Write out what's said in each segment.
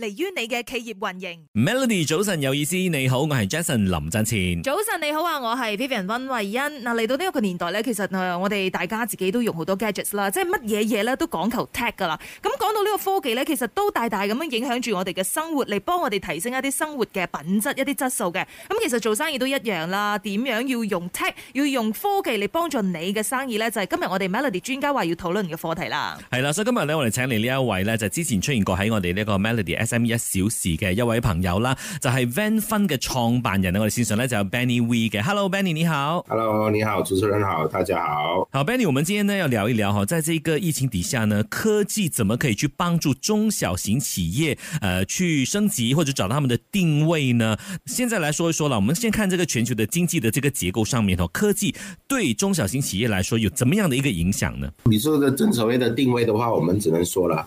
嚟於你嘅企業運營。Melody 早晨有意思，你好，我係 Jason 林振前。早晨你好啊，我係 Vivian 温慧欣。嗱嚟到呢一個年代咧，其實、呃、我哋大家自己都用好多 gadgets 啦，即係乜嘢嘢咧都講求 tech 噶啦。咁講到呢個科技咧，其實都大大咁樣影響住我哋嘅生活，嚟幫我哋提升一啲生活嘅品質、一啲質素嘅。咁其實做生意都一樣啦，點樣要用 tech，要用科技嚟幫助你嘅生意咧？就係、是、今日我哋 Melody 專家話要討論嘅課題啦。係啦，所以今日咧，我哋請嚟呢一位咧，就之前出現過喺我哋呢一個 Melody，咁一小時嘅一位朋友啦，就係 Van 分嘅創辦人我的先生呢，就 Benny Week。h e l l o Benny 你好，Hello 你好，主持人好，大家好。好 Benny，我們今天呢要聊一聊哈，在這個疫情底下呢，科技怎麼可以去幫助中小型企業，呃，去升級或者找到他們的定位呢？現在來說一說了，我們先看這個全球的經濟的這個結構上面，科技對中小型企業來說有怎麼樣的一個影響呢？你說的正所謂的定位的話，我們只能說了。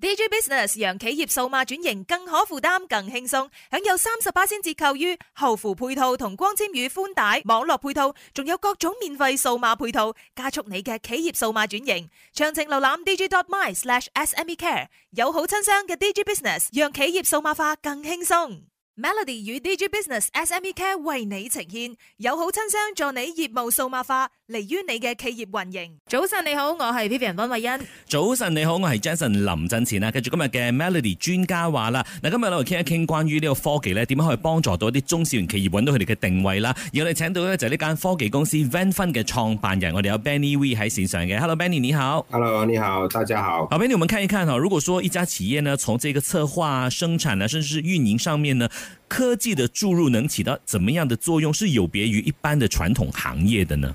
Digi Business 讓企業數碼轉型更可負擔、更輕鬆，享有三十八巴仙折扣於後付配套同光纖與寬帶網絡配套，仲有各種免費數碼配套，加速你嘅企業數碼轉型。詳情瀏覽 Digi dot my slash S M E Care，友好親商嘅 Digi Business 讓企業數碼化更輕鬆。Melody 與 Digi Business S M E Care 為你呈現友好親商，助你業務數碼化。嚟於你嘅企業運營。早晨你好，我係 Vivian 温慧欣。早晨你好，我係 Jason 林振前啊。繼續今日嘅 Melody 專家話啦。嗱，今日我哋傾一傾關於呢個科技咧，點樣可以幫助到一啲中小型企業揾到佢哋嘅定位啦。而我哋請到咧就係呢間科技公司 Vanfin 嘅創辦人，我哋有 Benny V 喺線上嘅。Hello Benny 你好。Hello 你好，大家好。好 Benny 我們看一看哦。如果說一家企業呢，從這個策劃、生產啊，甚至運營上面呢，科技的注入能起到怎麼樣的作用？是有別於一般的傳統行業的呢？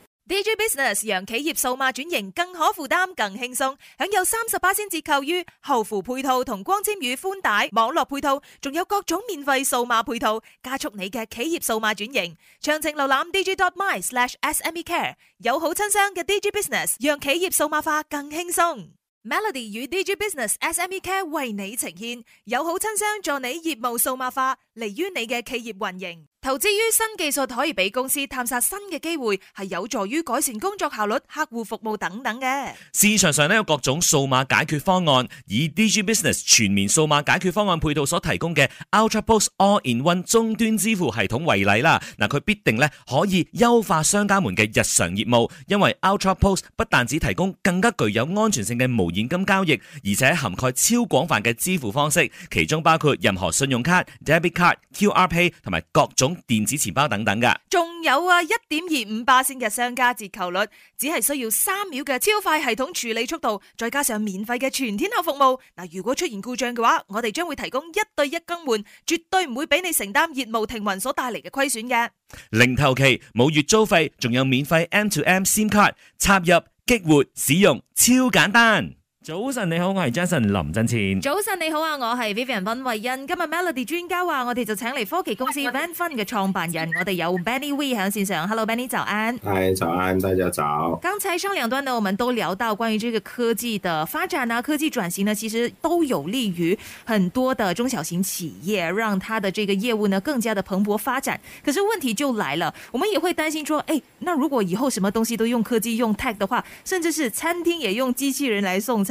Digi Business 讓企業數碼轉型更可負擔、更輕鬆，享有三十八巴仙折扣於後付配套同光纖與寬帶網絡配套，仲有各種免費數碼配套，加速你嘅企業數碼轉型。詳情瀏覽 Digi dot my slash S M E Care，友好親商嘅 Digi Business 讓企業數碼化更輕鬆。Melody 與 Digi Business S M E Care 為你呈現友好親商，助你業務數碼化。利於你嘅企業運營，投資於新技術可以俾公司探索新嘅機會，係有助於改善工作效率、客戶服務等等嘅。市場上呢有各種數碼解決方案，以 DG Business 全面數碼解決方案配套所提供嘅 UltraPost All In One 終端支付系統為例啦，嗱，佢必定呢可以優化商家們嘅日常業務，因為 UltraPost 不但只提供更加具有安全性嘅無現金交易，而且涵蓋超廣泛嘅支付方式，其中包括任何信用卡、debit。QRP 同埋各種電子錢包等等噶仲有啊一點二五八仙嘅商家折扣率，只係需要三秒嘅超快系統處理速度，再加上免費嘅全天候服務。嗱，如果出現故障嘅話，我哋將會提供一對一更換，絕對唔會俾你承擔業務停運所帶嚟嘅虧損嘅。零頭期冇月租費，仲有免費 M2M SIM 卡插入激活使用超簡單。早晨，你好，我係 Jason 林振前。早晨，你好啊，我係 Vivian 溫慧欣。今日 Melody 專家話，我哋就請嚟科技公司 VentFun 嘅創辦人，我哋有 Benny Wee 先生。Hello，Benny，早安。Hi，早安，大家早。剛才上兩段呢，我們都聊到關於這個科技的發展啊，科技轉型呢，其實都有利於很多的中小型企業，讓它的這個業務呢更加的蓬勃發展。可是問題就來了，我們也會擔心說，誒、欸，那如果以後什麼東西都用科技用 tech 的話，甚至是餐廳也用機器人來送餐。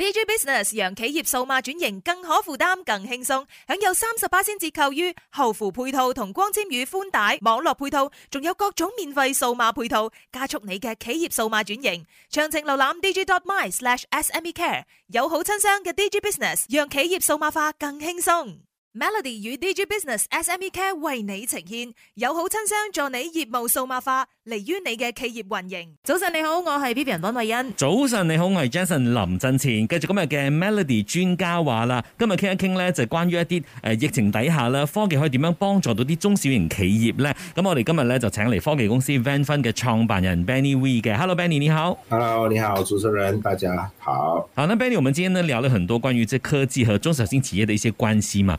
Digi Business 讓企業數碼轉型更可負擔、更輕鬆，享有三十八千折扣於後付配套同光纖與寬帶網絡配套，仲有各種免費數碼配套，加速你嘅企業數碼轉型。詳情瀏覽 Digi.my/SMECare，友好親商嘅 Digi Business 讓企業數碼化更輕鬆。Melody 與 DG Business SME Care 為你呈現，友好親商，助你業務數碼化，利於你嘅企業運營。早晨你好，我係 Vivian 溫慧欣。早晨你好，我係 Jason 林振前。繼續今日嘅 Melody 專家話啦，今日傾一傾呢，就係、關於一啲誒、呃、疫情底下啦，科技可以點樣幫助到啲中小型企業咧？咁我哋今日咧就請嚟科技公司 Vanfin 嘅創辦人 Benny Wee 嘅。Hello Benny 你好，Hello 你好主持人大家好。好，那 Benny，我們今天呢聊了很多關於即係科技和中小型企業的一些關係嘛。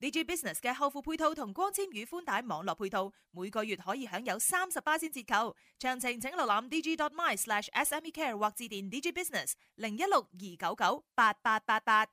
D G Business 嘅後付配套同光纖與寬帶網絡配套，每個月可以享有三十巴仙折扣。詳情請瀏覽 d g dot my slash s m e care 或致電 D G Business 零一六二九九八八八八。